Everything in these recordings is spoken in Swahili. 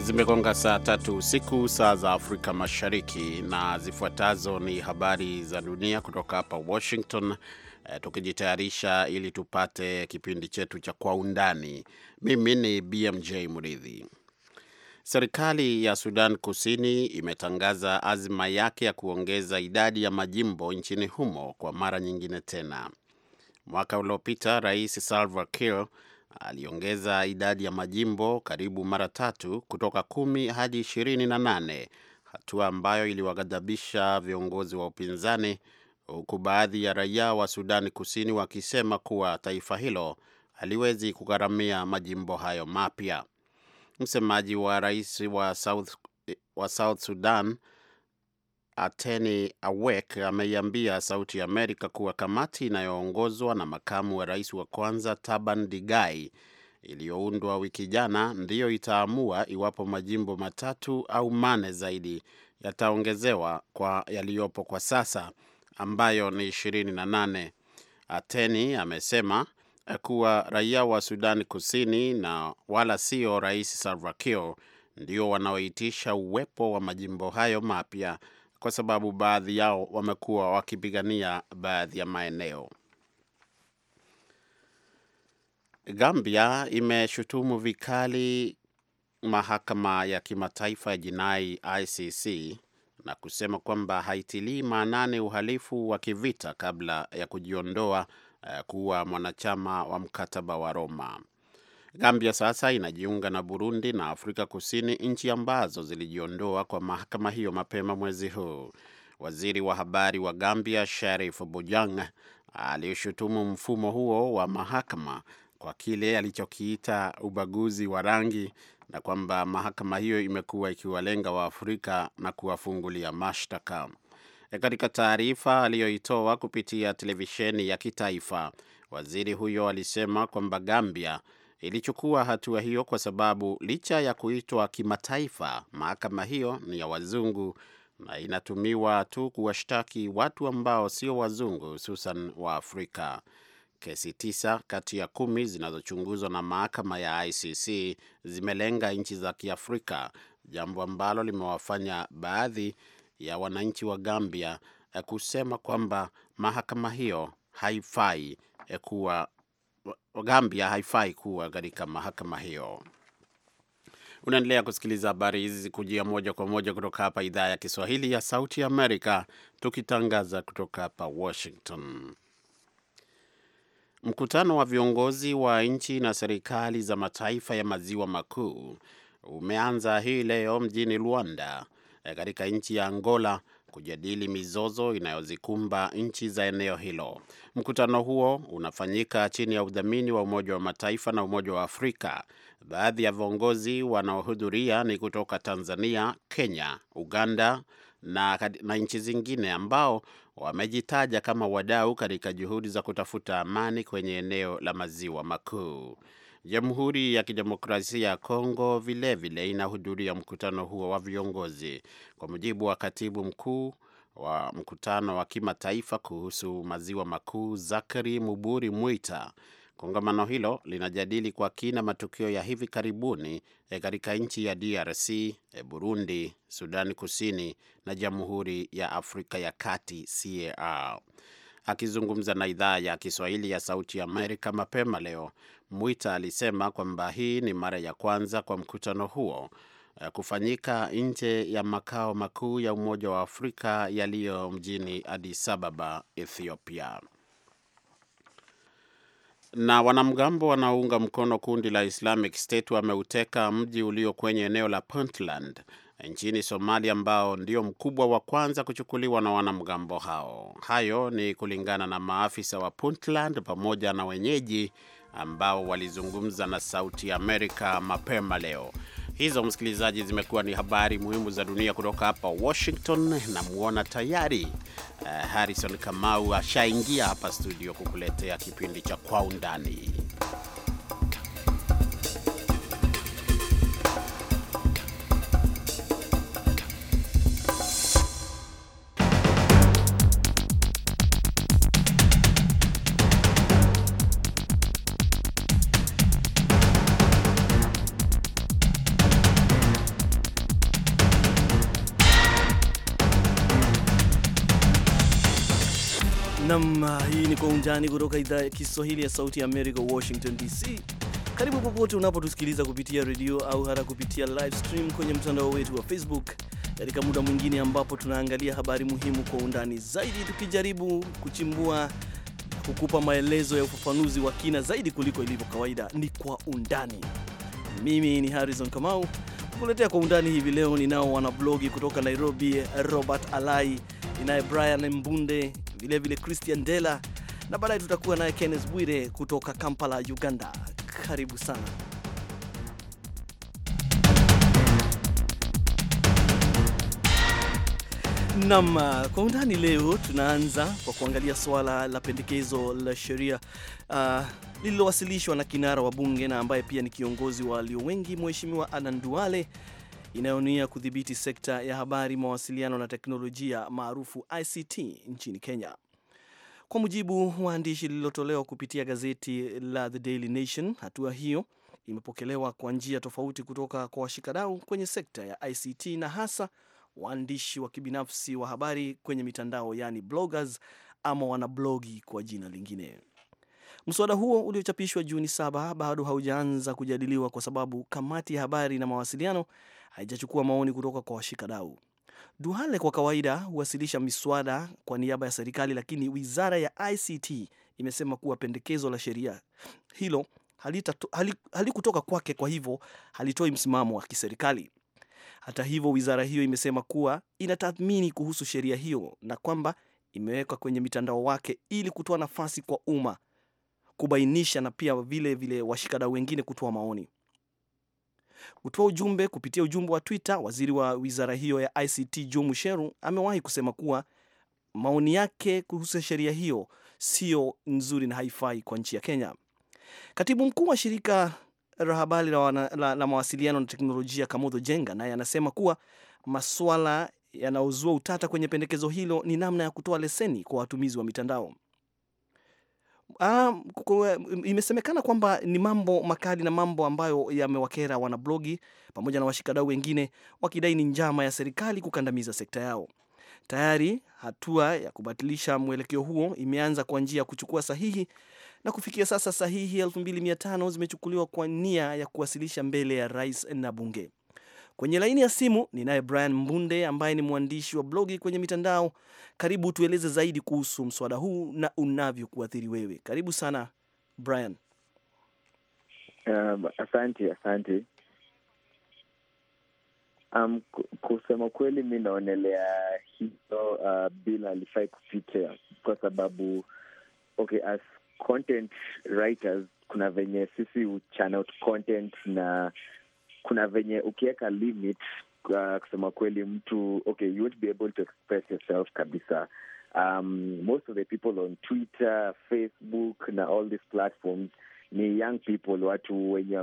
Zimegonga saa tatu usiku saa za Afrika Mashariki, na zifuatazo ni habari za dunia kutoka hapa Washington, eh, tukijitayarisha ili tupate kipindi chetu cha Kwa Undani. Mimi ni BMJ Muridhi. Serikali ya Sudan Kusini imetangaza azima yake ya kuongeza idadi ya majimbo nchini humo kwa mara nyingine tena. Mwaka uliopita Rais Salva Kiir aliongeza idadi ya majimbo karibu mara tatu kutoka kumi hadi ishirini na nane, hatua ambayo iliwaghadhabisha viongozi wa upinzani huku baadhi ya raia wa Sudani Kusini wakisema kuwa taifa hilo haliwezi kugharamia majimbo hayo mapya. Msemaji wa rais wa South, wa South Sudan Ateni Awek ameiambia Sauti ya Amerika kuwa kamati inayoongozwa na makamu wa rais wa kwanza Taban Digai iliyoundwa wiki jana ndiyo itaamua iwapo majimbo matatu au mane zaidi yataongezewa kwa yaliyopo kwa sasa ambayo ni 28. Ateni amesema kuwa raia wa sudani Kusini na wala sio Rais Salva Kiir ndio wanaoitisha uwepo wa majimbo hayo mapya kwa sababu baadhi yao wamekuwa wakipigania baadhi ya maeneo. Gambia imeshutumu vikali mahakama ya kimataifa ya jinai ICC na kusema kwamba haitilii maanani uhalifu wa kivita kabla ya kujiondoa eh, kuwa mwanachama wa mkataba wa Roma. Gambia sasa inajiunga na Burundi na Afrika Kusini, nchi ambazo zilijiondoa kwa mahakama hiyo mapema mwezi huu. Waziri wa habari wa Gambia Sharif Bojang alishutumu mfumo huo wa mahakama kwa kile alichokiita ubaguzi wa rangi na kwamba mahakama hiyo imekuwa ikiwalenga Waafrika na kuwafungulia mashtaka. E, katika taarifa aliyoitoa kupitia televisheni ya kitaifa, waziri huyo alisema kwamba Gambia ilichukua hatua hiyo kwa sababu licha ya kuitwa kimataifa, mahakama hiyo ni ya wazungu na inatumiwa tu kuwashtaki watu ambao sio wazungu, hususan wa Afrika. Kesi tisa kati ya kumi zinazochunguzwa na mahakama ya ICC zimelenga nchi za Kiafrika, jambo ambalo limewafanya baadhi ya wananchi wa Gambia kusema kwamba mahakama hiyo haifai kuwa Gambia haifai kuwa katika mahakama hiyo. Unaendelea kusikiliza habari hizi zikujia moja kwa moja kutoka hapa idhaa ya Kiswahili ya Sauti ya Amerika, tukitangaza kutoka hapa Washington. Mkutano wa viongozi wa nchi na serikali za mataifa ya maziwa makuu umeanza hii leo mjini Luanda katika nchi ya Angola kujadili mizozo inayozikumba nchi za eneo hilo. Mkutano huo unafanyika chini ya udhamini wa Umoja wa Mataifa na Umoja wa Afrika. Baadhi ya viongozi wanaohudhuria ni kutoka Tanzania, Kenya, Uganda na, na nchi zingine ambao wamejitaja kama wadau katika juhudi za kutafuta amani kwenye eneo la maziwa makuu. Jamhuri ya Kidemokrasia ya Kongo vilevile inahudhuria mkutano huo wa viongozi. Kwa mujibu wa katibu mkuu wa mkutano wa kimataifa kuhusu maziwa makuu Zakari Muburi Mwita, kongamano hilo linajadili kwa kina matukio ya hivi karibuni e, katika nchi ya DRC, e, Burundi, Sudani Kusini na Jamhuri ya Afrika ya Kati CAR. Akizungumza na idhaa ya Kiswahili ya Sauti ya Amerika mapema leo, Mwita alisema kwamba hii ni mara ya kwanza kwa mkutano huo eh, kufanyika nje ya makao makuu ya Umoja wa Afrika yaliyo mjini Addis Ababa, Ethiopia. Na wanamgambo wanaounga mkono kundi la Islamic State wameuteka mji ulio kwenye eneo la Puntland nchini Somalia ambao ndio mkubwa wa kwanza kuchukuliwa na wanamgambo hao. Hayo ni kulingana na maafisa wa Puntland pamoja na wenyeji ambao walizungumza na Sauti Amerika mapema leo. Hizo msikilizaji, zimekuwa ni habari muhimu za dunia kutoka hapa Washington. Namwona tayari uh, Harrison Kamau ashaingia hapa studio kukuletea kipindi cha Kwa Undani. Undani kutoka idhaa ya Kiswahili ya Sauti ya Amerika, Washington DC. Karibu popote unapotusikiliza kupitia redio au hata kupitia live stream kwenye mtandao wetu wa Facebook katika muda mwingine ambapo tunaangalia habari muhimu kwa undani zaidi, tukijaribu kuchimbua kukupa maelezo ya ufafanuzi wa kina zaidi kuliko ilivyo kawaida. Ni kwa undani. Mimi ni Harrison Kamau kuletea kwa undani hivi leo. Ninao wanablogi kutoka Nairobi, Robert Alai, ninaye Brian Mbunde, vilevile Christian Dela na baadaye tutakuwa naye Kenneth Bwire kutoka Kampala, Uganda. Karibu sana. Nam, kwa undani leo tunaanza kwa kuangalia suala la pendekezo la sheria uh, lililowasilishwa na kinara wa bunge na ambaye pia ni kiongozi wa walio wengi, Mheshimiwa Adan Duale, inayonuia kudhibiti sekta ya habari, mawasiliano na teknolojia maarufu ICT nchini Kenya. Kwa mujibu wa andishi lililotolewa kupitia gazeti la The Daily Nation, hatua hiyo imepokelewa kwa njia tofauti kutoka kwa washikadau kwenye sekta ya ICT na hasa waandishi wa kibinafsi wa habari kwenye mitandao, yani bloggers ama wanablogi kwa jina lingine. Mswada huo uliochapishwa Juni saba bado haujaanza kujadiliwa kwa sababu kamati ya habari na mawasiliano haijachukua maoni kutoka kwa washikadau. Duhale kwa kawaida huwasilisha miswada kwa niaba ya serikali, lakini wizara ya ICT imesema kuwa pendekezo la sheria hilo halikutoka hali, hali kwake, kwa hivyo halitoi msimamo wa kiserikali. Hata hivyo, wizara hiyo imesema kuwa inatathmini kuhusu sheria hiyo na kwamba imewekwa kwenye mitandao wake ili kutoa nafasi kwa umma kubainisha na pia vilevile washikada washikadau wengine kutoa maoni kutoa ujumbe kupitia ujumbe wa Twitter, waziri wa wizara hiyo ya ICT Joe Musheru amewahi kusema kuwa maoni yake kuhusu sheria hiyo sio nzuri na haifai kwa nchi ya Kenya. Katibu mkuu wa shirika la habari la, mawasiliano na teknolojia Kamodho Jenga naye anasema kuwa maswala yanayozua utata kwenye pendekezo hilo ni namna ya kutoa leseni kwa watumizi wa mitandao. Uh, imesemekana kwamba ni mambo makali na mambo ambayo yamewakera wanablogi pamoja na washikadau wengine wakidai ni njama ya serikali kukandamiza sekta yao. Tayari hatua ya kubatilisha mwelekeo huo imeanza kwa njia ya kuchukua sahihi na kufikia sasa sahihi 2500 zimechukuliwa kwa nia ya kuwasilisha mbele ya rais na bunge. Kwenye laini ya simu ninaye Brian Mbunde ambaye ni mwandishi wa blogi kwenye mitandao. Karibu tueleze zaidi kuhusu mswada huu na unavyokuathiri wewe. Karibu sana Brian. Um, asante asante. Um, kusema kweli, mi naonelea hizo uh, bila alifai kupita kwa sababu okay, as content writers kuna venye sisi huchana content na kuna venye ukiweka limit uh, kusema kweli mtu okay, you won't be able to express yourself kabisa. Um, most of the people on Twitter, Facebook na all these platforms ni young people, watu wenye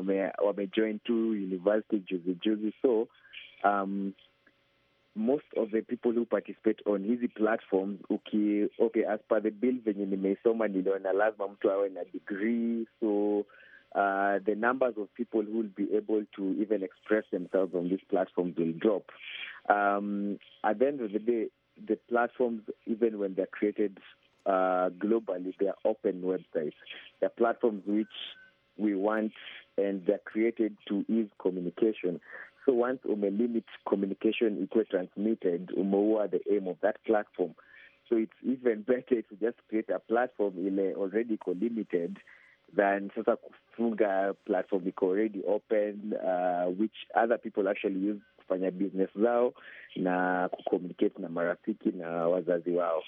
wamejoin tu university juzi juzi, so um, most of the people who participate on hizi platforms uki, okay, as per the bill venye nimeisoma niliona lazima mtu awe na degree so Uh, the numbers of people who will be able to even express themselves on these platforms will drop. Um, at the end of the day, the platforms, even when they're created uh, globally, they are open websites. They're platforms which we want and they're created to ease communication. So once we limit communication equal transmitted, umeua the aim of that platform. So it's even better to just create a platform a already co-limited than sasa kufunga platform iko already open uh, which other people actually use kufanya business zao na kucommunicate na marafiki na wazazi wao.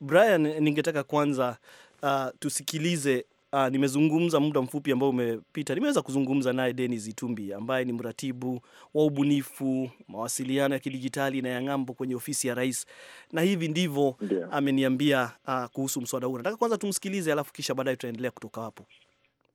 Brian, ningetaka kwanza uh, tusikilize Uh, nimezungumza muda mfupi ambao umepita, nimeweza kuzungumza naye Denis Itumbi ambaye ni mratibu wa ubunifu mawasiliano ya kidijitali na ya ng'ambo kwenye ofisi ya rais, na hivi ndivyo ameniambia uh, kuhusu mswada huu. Nataka kwanza tumsikilize, alafu kisha baadaye tutaendelea kutoka hapo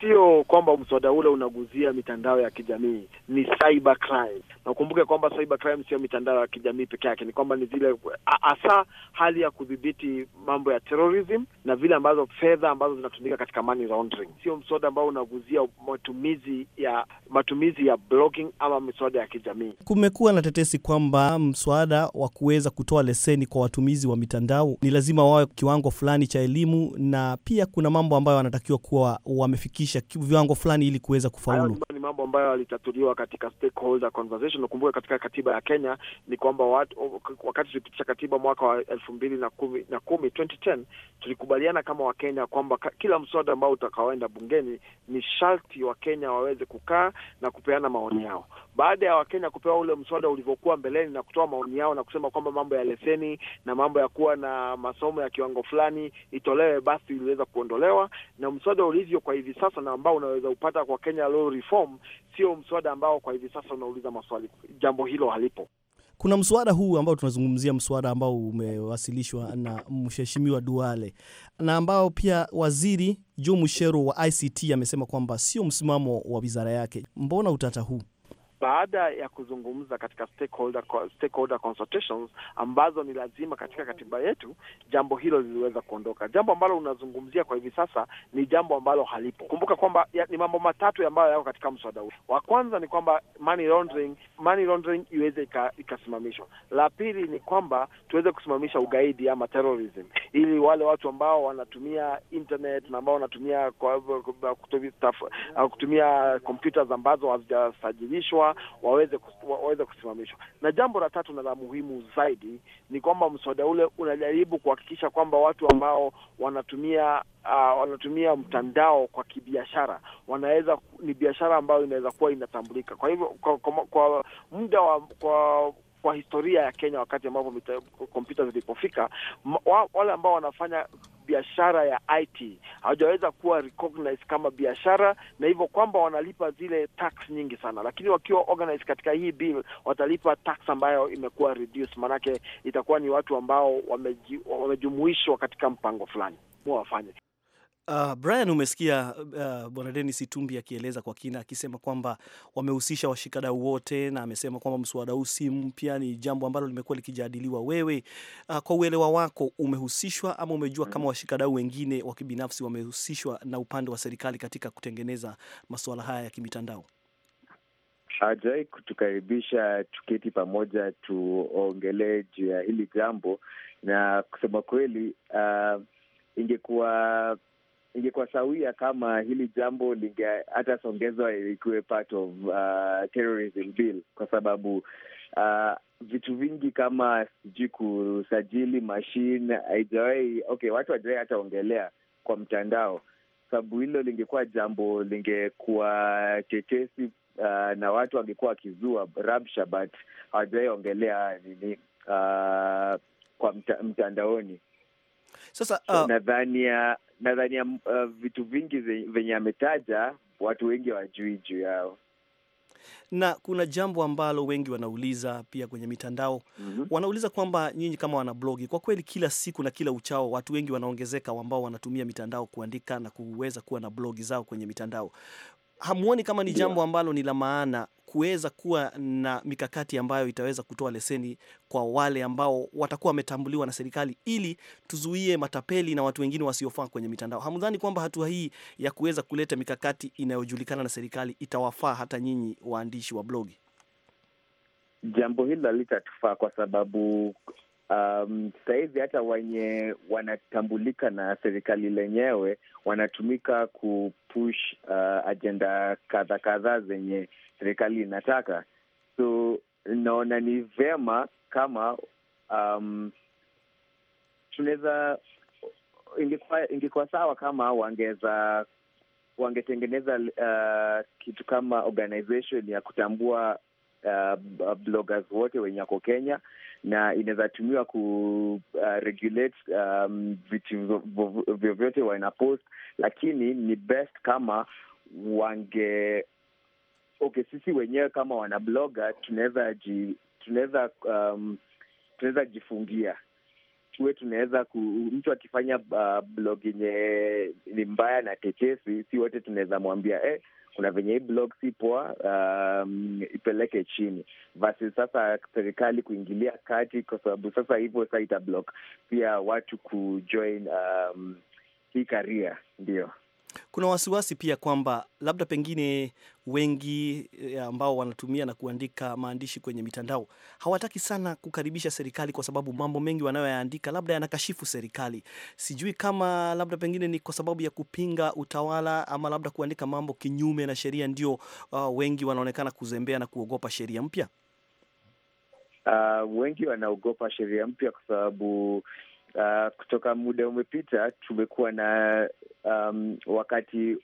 sio kwamba mswada ule unaguzia mitandao ya kijamii, ni cyber crime. Na ukumbuke kwamba cyber crime sio mitandao ya kijamii peke yake, ni kwamba ni zile hasa hali ya kudhibiti mambo ya terrorism na vile ambazo fedha ambazo zinatumika katika money laundering. Sio mswada ambao unaguzia matumizi ya matumizi ya blogging ama miswada ya kijamii. Kumekuwa na tetesi kwamba mswada wa kuweza kutoa leseni kwa watumizi wa mitandao ni lazima wawe kiwango fulani cha elimu, na pia kuna mambo ambayo wanatakiwa kuwa wamefikisha kupitisha viwango fulani ili kuweza kufaulu. Ni mambo ambayo yalitatuliwa katika stakeholder conversation. Ukumbuke katika katiba ya Kenya ni kwamba wakati tulipitisha katiba mwaka wa elfu mbili na kumi, na kumi 2010 tulikubaliana kama Wakenya kwamba kila mswada ambao utakaoenda bungeni ni sharti Wakenya waweze kukaa na kupeana maoni yao baada ya Wakenya kupewa ule mswada ulivyokuwa mbeleni na kutoa maoni yao na kusema kwamba mambo ya leseni na mambo ya kuwa na masomo ya kiwango fulani itolewe, basi iliweza kuondolewa. Na mswada ulivyo kwa hivi sasa na ambao unaweza upata kwa Kenya Law Reform sio mswada ambao kwa hivi sasa unauliza maswali, jambo hilo halipo. Kuna mswada huu ambao tunazungumzia, mswada ambao umewasilishwa na mheshimiwa Duale na ambao pia waziri Joe Mucheru wa ICT amesema kwamba sio msimamo wa wizara yake. Mbona utata huu? baada ya kuzungumza katika stakeholder, stakeholder consultations ambazo ni lazima katika katiba yetu, jambo hilo liliweza kuondoka. Jambo ambalo unazungumzia kwa hivi sasa ni jambo ambalo halipo. Kumbuka kwamba ya, ni mambo matatu ambayo yako katika mswada huu. Wa kwanza ni kwamba money laundering, money laundering iweze ikasimamishwa. La pili ni kwamba tuweze kusimamisha ugaidi ama terrorism, ili wale watu ambao wanatumia internet na ambao wanatumia kutumia uh, kompyuta ambazo hazijasajilishwa waweze waweze kusimamishwa. Na jambo la tatu na la muhimu zaidi ni kwamba mswada ule unajaribu kuhakikisha kwamba watu ambao wanatumia Uh, wanatumia mtandao kwa kibiashara, wanaweza ni biashara ambayo inaweza kuwa inatambulika. Kwa hivyo kwa, kwa, kwa muda wa kwa kwa historia ya Kenya wakati ambapo kompyuta zilipofika, wale ambao wanafanya biashara ya IT hawajaweza kuwa recognized kama biashara, na hivyo kwamba wanalipa zile tax nyingi sana, lakini wakiwa organized katika hii bill watalipa tax ambayo imekuwa reduce maanake itakuwa ni watu ambao wamejumuishwa katika mpango fulani wafanye Uh, Brian, umesikia uh, bwana Dennis Itumbi akieleza kwa kina akisema kwamba wamehusisha washikadau wote, na amesema kwamba mswada huu si mpya, ni jambo ambalo limekuwa likijadiliwa. Wewe uh, kwa uelewa wako umehusishwa ama umejua kama washikadau wengine wa kibinafsi wamehusishwa na upande wa serikali katika kutengeneza masuala haya ya kimitandao? Hajawahi kutukaribisha tuketi pamoja tuongelee juu ya hili jambo, na kusema kweli uh, ingekuwa ingekuwa sawia kama hili jambo linge hata songezwa ikiwe part of uh, terrorism bill, kwa sababu uh, vitu vingi kama sijui kusajili mashine haijawai okay, watu hawajawahi hata ongelea kwa mtandao, sababu hilo lingekuwa jambo lingekuwa tetesi uh, na watu wangekuwa wakizua rabsha, but hawajawai ongelea nini uh, kwa mta, mtandaoni sasa uh... so, nadhania nadhania uh, vitu vingi venye ametaja watu wengi wajui juu yao na kuna jambo ambalo wengi wanauliza pia kwenye mitandao mm -hmm. Wanauliza kwamba nyinyi kama wanablogi, kwa kweli kila siku na kila uchao watu wengi wanaongezeka ambao wanatumia mitandao kuandika na kuweza kuwa na blogi zao kwenye mitandao, hamuoni kama ni jambo ambalo ni la maana kuweza kuwa na mikakati ambayo itaweza kutoa leseni kwa wale ambao watakuwa wametambuliwa na serikali ili tuzuie matapeli na watu wengine wasiofaa kwenye mitandao. Hamdhani kwamba hatua hii ya kuweza kuleta mikakati inayojulikana na serikali itawafaa hata nyinyi waandishi wa blogi? Jambo hili litatufaa kwa sababu um, sahizi hata wenye wanatambulika na serikali lenyewe wanatumika kupush uh, ajenda kadha kadhaa zenye serikali inataka. So naona ni vema kama um, tunaweza ingekuwa ingekuwa sawa kama wangeza wangetengeneza uh, kitu kama organization ya kutambua uh, bloggers wote wenye wako Kenya, na inaweza tumiwa ku uh, regulate um, vitu vyovyote wanapost, lakini ni best kama wange okay, sisi wenyewe kama wanabloga tunaweza ji, tunaweza um, tunaweza jifungia tuwe tunaweza ku, mtu akifanya uh, blog yenye ni mbaya na tetesi, si wote tunaweza mwambia eh, kuna venye hii blog si poa, um, ipeleke chini, basi sasa serikali kuingilia kati, kwa sababu sasa hivyo sa itablock pia watu kujoin um, hii karia, ndio kuna wasiwasi pia kwamba labda pengine wengi eh, ambao wanatumia na kuandika maandishi kwenye mitandao hawataki sana kukaribisha serikali, kwa sababu mambo mengi wanayoyaandika labda yanakashifu serikali. Sijui kama labda pengine ni kwa sababu ya kupinga utawala ama labda kuandika mambo kinyume na sheria, ndio uh, wengi wanaonekana kuzembea na kuogopa sheria mpya. Uh, wengi wanaogopa sheria mpya kwa sababu uh, kutoka muda umepita tumekuwa na um, wakati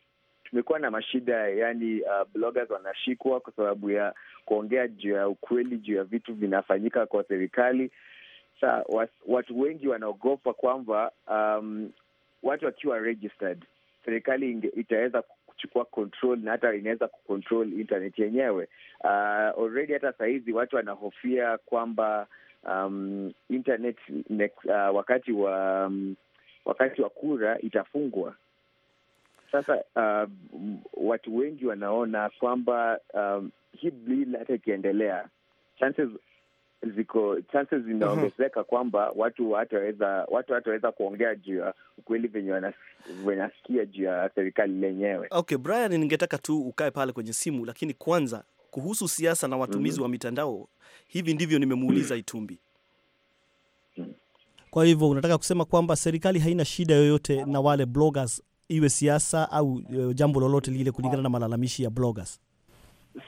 tumekuwa na mashida yani, uh, bloggers wanashikwa kwa sababu ya kuongea juu ya ukweli juu ya vitu vinafanyika kwa serikali. Sa watu wengi wanaogopa kwamba um, watu wakiwa registered serikali itaweza kuchukua control na hata inaweza kucontrol internet yenyewe. Uh, already hata sahizi watu wanahofia kwamba um, internet next, uh, wakati wa um, wakati wa kura itafungwa. Sasa uh, watu wengi wanaona kwamba um, hii bill hata ikiendelea chances ziko chances zinaongezeka mhm. kwamba watu hataweza watu hataweza kuongea juu ya ukweli venye wanasikia juu ya serikali lenyewe. Okay Brian, ningetaka tu ukae pale kwenye simu, lakini kwanza kuhusu siasa na watumizi mhm. wa mitandao. Hivi ndivyo nimemuuliza Itumbi. Mhm. Kwa hivyo unataka kusema kwamba serikali haina shida yoyote na wale bloggers, iwe siasa au eh, jambo lolote lile, kulingana na malalamishi ya bloggers?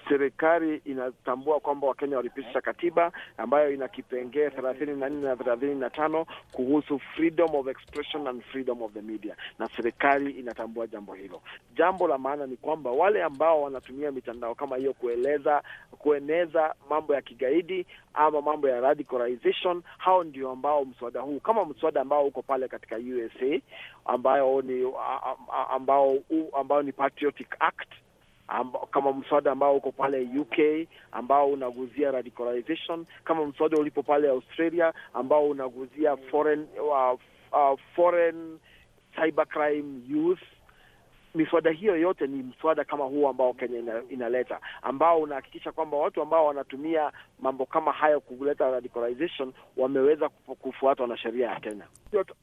serikali inatambua kwamba Wakenya walipitisha katiba ambayo ina kipengee thelathini na nne na thelathini na tano kuhusu freedom of expression and freedom of the media, na serikali inatambua jambo hilo. Jambo la maana ni kwamba wale ambao wanatumia mitandao kama hiyo kueleza, kueneza mambo ya kigaidi ama mambo ya radicalization, hao ndio ambao mswada huu kama mswada ambao uko pale katika USA ambayo ni ambao ambao ni Patriotic Act amba, kama mswada ambao uko pale UK ambao unaguzia radicalization, kama mswada ulipo pale Australia ambao unaguzia foreign, uh, uh, foreign cybercrime youth miswada hiyo yote ni mswada kama huu ambao Kenya ina, inaleta ambao unahakikisha kwamba watu ambao wanatumia mambo kama hayo kuleta radicalization wameweza kufuatwa na sheria ya Kenya.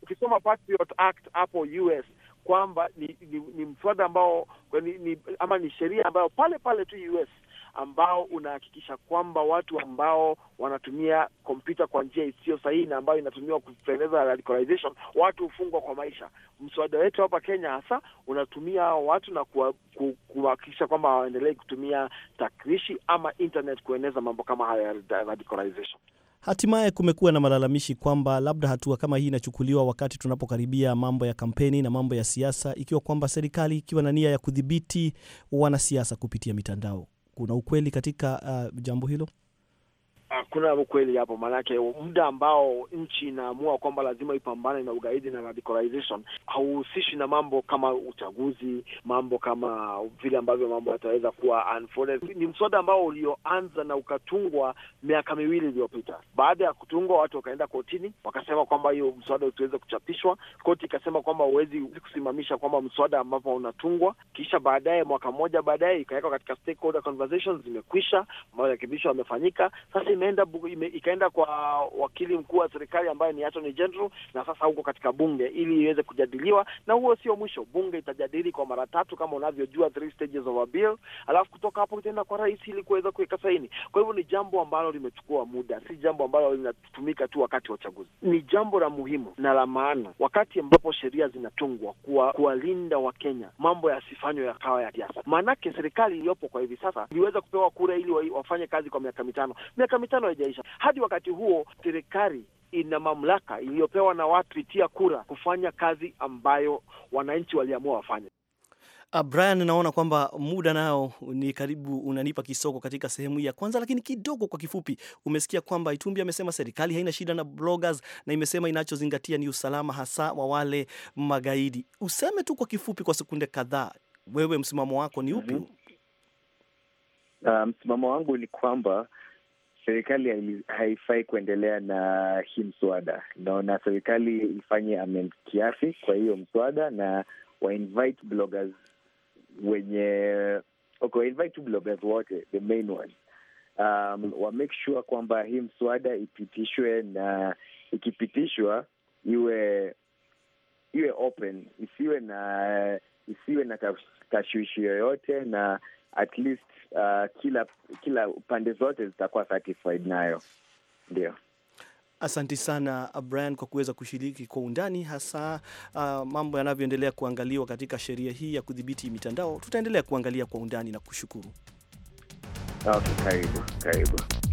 Ukisoma Patriot Act hapo US kwamba ni, ni, ni mswada ambao ni, ni, ama ni sheria ambayo pale pale tu US ambao unahakikisha kwamba watu ambao wanatumia kompyuta kwa njia isiyo sahihi na ambayo inatumiwa kueneza radicalization, watu hufungwa kwa maisha. Mswada wetu hapa Kenya hasa unatumia watu na kuhakikisha kwamba hawaendelei kutumia takrishi ama internet kueneza mambo kama hayo ya radicalization. Hatimaye kumekuwa na malalamishi kwamba labda hatua kama hii inachukuliwa wakati tunapokaribia mambo ya kampeni na mambo ya siasa, ikiwa kwamba serikali ikiwa na nia ya kudhibiti wanasiasa kupitia mitandao. Kuna ukweli katika uh, jambo hilo? hakuna ukweli hapo, maanake muda ambao nchi inaamua kwamba lazima ipambane na ugaidi na radicalization hauhusishi na mambo kama uchaguzi, mambo kama vile ambavyo mambo yataweza kuwa unfolded. Ni mswada ambao ulioanza na ukatungwa miaka miwili iliyopita. Baada ya kutungwa, watu wakaenda kotini, wakasema kwamba hiyo mswada usiweze kuchapishwa. Koti ikasema kwamba huwezi kusimamisha kwamba mswada ambapo unatungwa, kisha baadaye, mwaka mmoja baadaye, ikawekwa katika stakeholder conversations, zimekwisha, marekebisho yamefanyika, sasa imeenda ime, ikaenda kwa wakili mkuu wa serikali ambaye ni Attorney General, na sasa huko katika bunge ili iweze kujadiliwa, na huo sio mwisho. Bunge itajadili kwa mara tatu kama unavyojua, three stages of a bill, alafu kutoka hapo itaenda kwa rais ili kuweza kuweka saini. Kwa hivyo ni jambo ambalo limechukua muda, si jambo ambalo linatumika tu wakati wa uchaguzi. Ni jambo la muhimu na la maana wakati ambapo sheria zinatungwa kuwa, kuwalinda Wakenya, mambo yasifanywe yakawa ya siasa. Maanake serikali iliyopo kwa hivi sasa iliweza kupewa kura ili wafanye kazi kwa miaka mitano miaka mitano tano haijaisha. Hadi wakati huo serikali ina mamlaka iliyopewa na watu itia kura kufanya kazi ambayo wananchi waliamua wafanye. Ah, Brian, naona kwamba muda nao ni karibu unanipa kisoko katika sehemu hii ya kwanza, lakini kidogo kwa kifupi, umesikia kwamba Itumbi amesema serikali haina shida na bloggers na imesema inachozingatia ni usalama hasa wa wale magaidi. Useme tu kwa kifupi, kwa sekunde kadhaa, wewe msimamo wako ni upi? mm -hmm. Uh, msimamo wangu ni kwamba serikali haifai kuendelea na hii mswada. Naona serikali ifanye amend kiasi kwa hiyo mswada, na wainvite bloggers wenye okay, bloggers wote the main ones um, wamake sure kwamba hii mswada ipitishwe, na ikipitishwa iwe iwe open, isiwe na isiwe na tashwishi yoyote na at least uh, kila kila pande zote zitakuwa satisfied nayo. Ndio. Asanti sana uh, Brian kwa kuweza kushiriki kwa undani hasa uh, mambo yanavyoendelea kuangaliwa katika sheria hii ya kudhibiti mitandao. Tutaendelea kuangalia kwa undani na kushukuru. Okay, karibu karibu.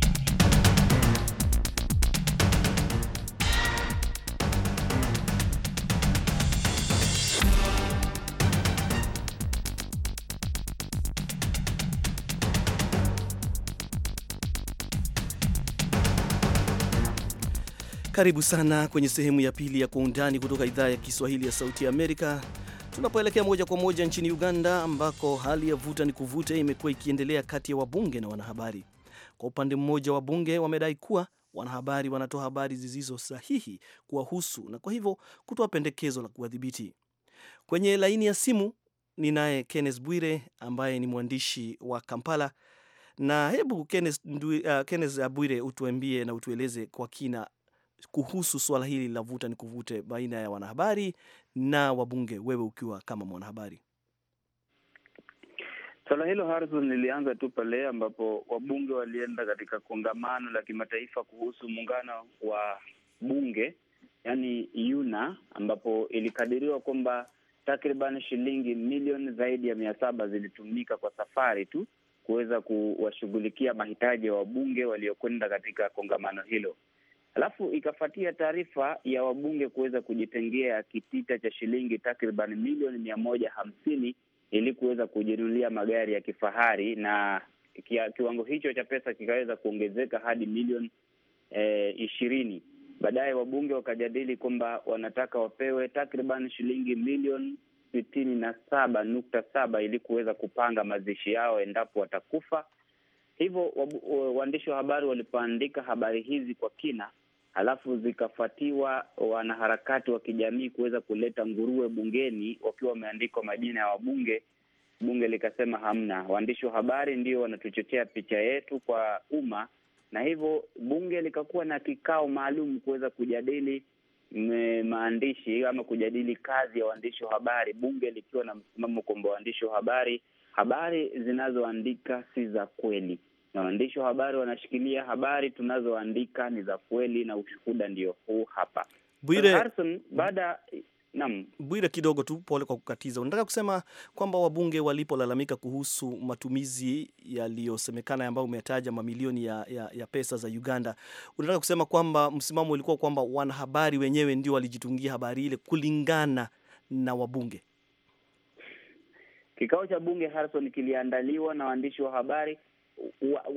Karibu sana kwenye sehemu ya pili ya Kwa Undani kutoka idhaa ya Kiswahili ya Sauti ya Amerika, tunapoelekea moja kwa moja nchini Uganda, ambako hali ya vuta ni kuvuta imekuwa ikiendelea kati ya wabunge na wanahabari. Kwa upande mmoja, wabunge wamedai kuwa wanahabari wanatoa habari zisizo sahihi kuwahusu na kwa hivyo kutoa pendekezo la kuwadhibiti. Kwenye laini ya simu ni naye Kenneth Bwire ambaye ni mwandishi wa Kampala na hebu Kenneth, uh, Kenneth Bwire, utuambie na utueleze kwa kina kuhusu swala hili la vuta ni kuvute baina ya wanahabari na wabunge, wewe ukiwa kama mwanahabari? Swala hilo Harrison, lilianza tu pale ambapo wabunge walienda katika kongamano la kimataifa kuhusu muungano wa bunge, yani yuna, ambapo ilikadiriwa kwamba takriban shilingi milioni zaidi ya mia saba zilitumika kwa safari tu kuweza kuwashughulikia mahitaji ya wabunge waliokwenda katika kongamano hilo alafu ikafuatia taarifa ya wabunge kuweza kujitengea kitita cha shilingi takriban milioni mia moja hamsini ili kuweza kujinunulia magari ya kifahari na kia, kiwango hicho cha pesa kikaweza kuongezeka hadi milioni eh, ishirini. baadaye wabunge wakajadili kwamba wanataka wapewe takriban shilingi milioni sitini na saba nukta saba ili kuweza kupanga mazishi yao endapo watakufa. Hivyo waandishi wa habari walipoandika habari hizi kwa kina, halafu zikafuatiwa wanaharakati wa kijamii kuweza kuleta nguruwe bungeni wakiwa wameandikwa majina ya wabunge. Bunge likasema hamna. Waandishi wa habari ndio wanatuchochea picha yetu kwa umma, na hivyo bunge likakuwa na kikao maalum kuweza kujadili maandishi ama kujadili kazi ya waandishi wa habari, bunge likiwa na msimamo kwamba waandishi wa habari habari zinazoandika si za kweli na waandishi wa habari wanashikilia habari tunazoandika ni za kweli, na ushuhuda ndio huu hapa. Bwire Harrison, baada Naam, Bwire, kidogo tu, pole kwa kukatiza. Unataka kusema kwamba wabunge walipolalamika kuhusu matumizi yaliyosemekana ambayo umetaja mamilioni ya, ya, ya pesa za Uganda, unataka kusema kwamba msimamo ulikuwa kwamba wanahabari wenyewe ndio walijitungia habari ile kulingana na wabunge? Kikao cha bunge Harrison, kiliandaliwa na waandishi wa habari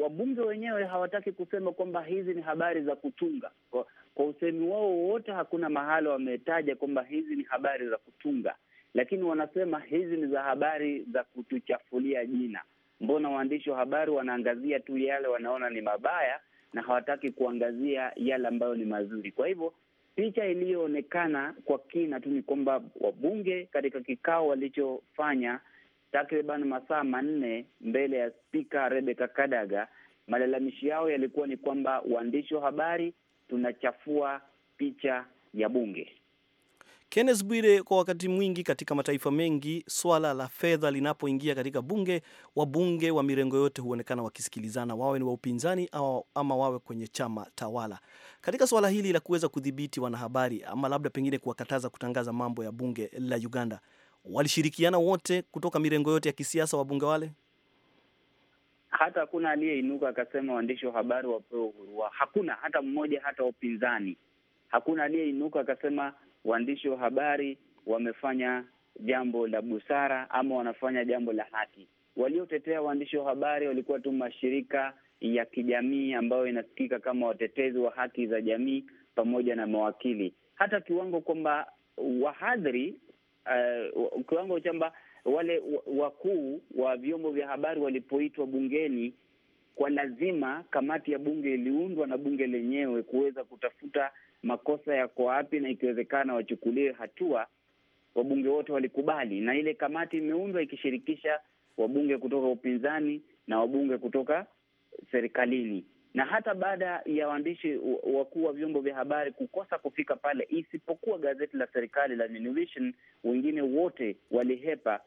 wabunge wenyewe hawataki kusema kwamba hizi ni habari za kutunga. Kwa, kwa usemi wao wote hakuna mahala wametaja kwamba hizi ni habari za kutunga, lakini wanasema hizi ni za habari za kutuchafulia jina. Mbona waandishi wa habari wanaangazia tu yale wanaona ni mabaya na hawataki kuangazia yale ambayo ni mazuri? Kwa hivyo picha iliyoonekana kwa kina tu ni kwamba wabunge katika kikao walichofanya takriban masaa manne mbele ya spika rebeka Kadaga. Malalamishi yao yalikuwa ni kwamba waandishi wa habari tunachafua picha ya bunge. Kenneth Bwire, kwa wakati mwingi katika mataifa mengi swala la fedha linapoingia katika bunge, wabunge wa mirengo yote huonekana wakisikilizana, wawe ni wa upinzani ama wawe kwenye chama tawala, katika swala hili la kuweza kudhibiti wanahabari ama labda pengine kuwakataza kutangaza mambo ya bunge la Uganda walishirikiana wote kutoka mirengo yote ya kisiasa, wabunge wale hata hakuna aliyeinuka akasema waandishi wa habari wapewe uhuru wao. Hakuna hata mmoja, hata upinzani. Hakuna aliyeinuka akasema waandishi wa habari wamefanya jambo la busara ama wanafanya jambo la haki. Waliotetea waandishi wa habari walikuwa tu mashirika ya kijamii ambayo inasikika kama watetezi wa haki za jamii pamoja na mawakili, hata kiwango kwamba wahadhiri uh, kiwango chamba wale wakuu wa vyombo vya habari walipoitwa bungeni, kwa lazima kamati ya bunge iliundwa na bunge lenyewe kuweza kutafuta makosa yako wapi, na ikiwezekana wachukuliwe hatua. Wabunge wote walikubali, na ile kamati imeundwa ikishirikisha wabunge kutoka upinzani na wabunge kutoka serikalini na hata baada ya waandishi wakuu wa vyombo vya habari kukosa kufika pale, isipokuwa gazeti la serikali la wengine wote walihepa,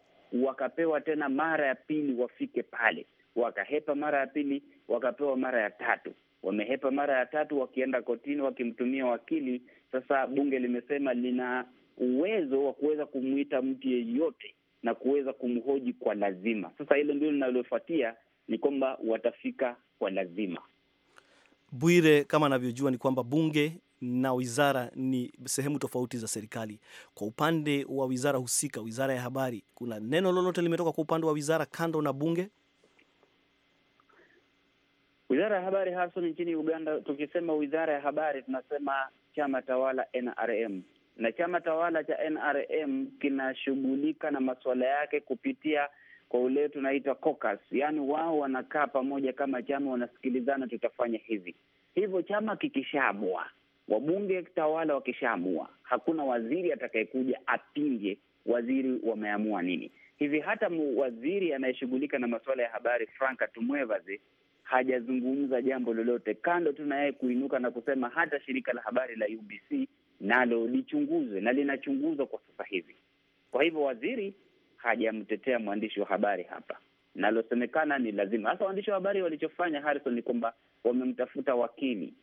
wakapewa tena mara ya pili wafike pale, wakahepa mara ya pili, wakapewa mara ya tatu, wamehepa mara ya tatu, wakienda kotini, wakimtumia wakili. Sasa bunge limesema lina uwezo wa kuweza kumwita mtu yeyote na kuweza kumhoji kwa lazima. Sasa hilo ndio linalofuatia ni kwamba watafika kwa lazima. Bwire, kama anavyojua ni kwamba bunge na wizara ni sehemu tofauti za serikali. Kwa upande wa wizara husika, wizara ya habari, kuna neno lolote limetoka kwa upande wa wizara kando na bunge? Wizara ya habari haswa nchini Uganda, tukisema wizara ya habari tunasema chama tawala NRM, na chama tawala cha NRM kinashughulika na masuala yake kupitia kwa ule tunaita caucus, yani wao wanakaa pamoja kama chama, wanasikilizana, tutafanya hivi hivyo. Chama kikishaamua, wabunge tawala wakishaamua, hakuna waziri atakayekuja apinge waziri wameamua nini. Hivi hata waziri anayeshughulika na masuala ya habari Franka Tumwevazi hajazungumza jambo lolote, kando tu na yeye kuinuka na kusema hata shirika la habari la UBC nalo lichunguzwe na linachunguzwa kwa sasa hivi. Kwa hivyo waziri hajamtetea mwandishi wa habari hapa. Nalosemekana ni lazima hasa waandishi wa habari walichofanya Harrison ni kwamba wamemtafuta wakili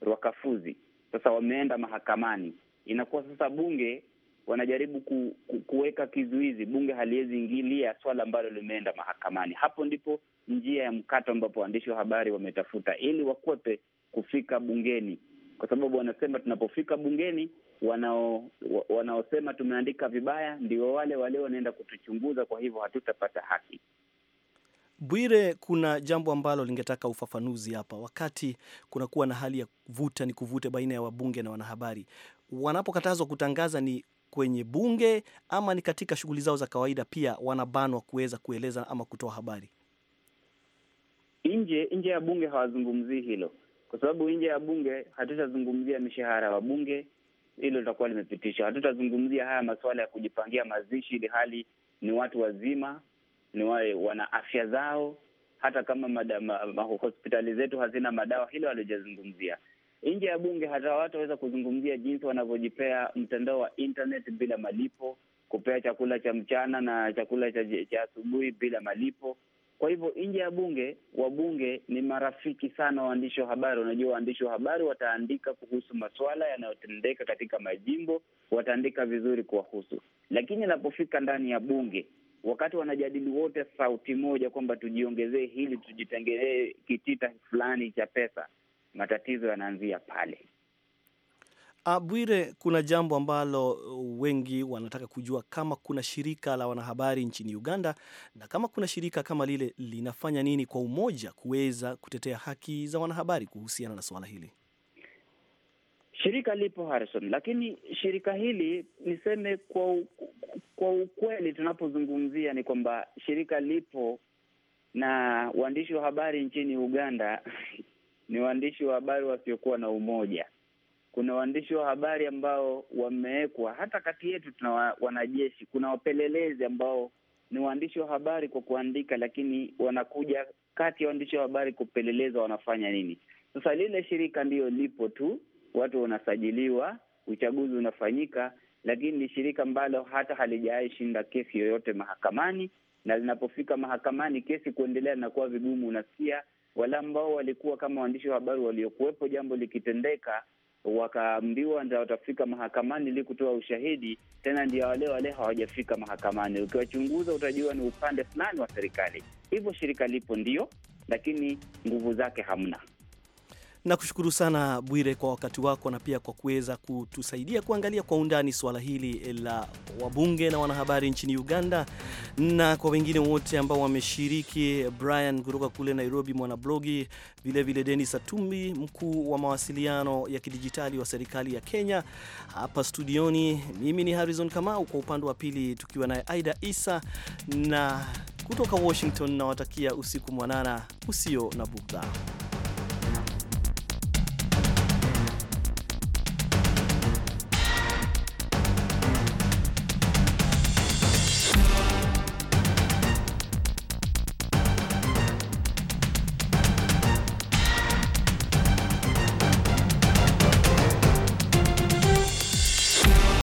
Rwakafuzi, sasa wameenda mahakamani. Inakuwa sasa bunge wanajaribu ku, ku, kuweka kizuizi, bunge haliwezi ingilia swala ambalo limeenda mahakamani. Hapo ndipo njia ya mkato ambapo waandishi wa habari wametafuta ili wakwepe kufika bungeni, kwa sababu wanasema tunapofika bungeni wanao wanaosema tumeandika vibaya ndio wale wale wanaenda kutuchunguza, kwa hivyo hatutapata haki. Bwire, kuna jambo ambalo lingetaka ufafanuzi hapa. Wakati kunakuwa na hali ya vuta ni kuvute baina ya wabunge na wanahabari, wanapokatazwa kutangaza ni kwenye bunge ama ni katika shughuli zao za kawaida, pia wanabanwa kuweza kueleza ama kutoa habari nje nje ya bunge. Hawazungumzii hilo, kwa sababu nje ya bunge hatutazungumzia mishahara wa bunge, hilo litakuwa limepitishwa. Hatutazungumzia haya masuala ya kujipangia mazishi, ili hali ni watu wazima, ni wae, wana afya zao, hata kama hospitali zetu hazina madawa. Hilo halijazungumzia nje ya bunge. Hata waweza kuzungumzia jinsi wanavyojipea mtandao wa internet bila malipo, kupea chakula cha mchana na chakula cha asubuhi bila malipo kwa hivyo nje ya bunge, wabunge ni marafiki sana waandishi wa habari. Unajua, waandishi wa habari wataandika kuhusu masuala yanayotendeka katika majimbo, wataandika vizuri kuwahusu, lakini inapofika ndani ya bunge wakati wanajadili wote sauti moja kwamba tujiongezee hili, tujitengenee kitita fulani cha pesa, matatizo yanaanzia pale. Ah, Bwire, kuna jambo ambalo uh, wengi wanataka kujua kama kuna shirika la wanahabari nchini Uganda na kama kuna shirika kama lile linafanya nini kwa umoja kuweza kutetea haki za wanahabari kuhusiana na suala hili. Shirika lipo Harrison, lakini shirika hili niseme kwa kwa ukweli tunapozungumzia ni kwamba shirika lipo na waandishi wa habari nchini Uganda ni waandishi wa habari wasiokuwa na umoja kuna waandishi wa habari ambao wamewekwa, hata kati yetu tuna wanajeshi, kuna wapelelezi ambao ni waandishi wa habari kwa kuandika, lakini wanakuja kati ya waandishi wa habari kupeleleza wanafanya nini. Sasa lile shirika ndiyo lipo tu, watu wanasajiliwa, uchaguzi unafanyika, lakini ni shirika ambalo hata halijawahi shinda kesi yoyote mahakamani, na linapofika mahakamani kesi kuendelea inakuwa vigumu. Unasikia wale ambao walikuwa kama waandishi wa habari waliokuwepo jambo likitendeka wakaambiwa ndio watafika mahakamani ili kutoa ushahidi, tena ndio wale wale hawajafika mahakamani. Ukiwachunguza utajua ni upande fulani wa serikali. Hivyo shirika lipo ndio, lakini nguvu zake hamna. Nakushukuru sana Bwire kwa wakati wako na pia kwa kuweza kutusaidia kuangalia kwa undani swala hili la wabunge na wanahabari nchini Uganda, na kwa wengine wote ambao wameshiriki, Brian kutoka kule Nairobi, mwanablogi vilevile, Denis Atumbi, mkuu wa mawasiliano ya kidijitali wa serikali ya Kenya. Hapa studioni mimi ni Harrison Kamau, kwa upande wa pili tukiwa naye Aida Isa na kutoka Washington, nawatakia usiku mwanana usio na bughudha.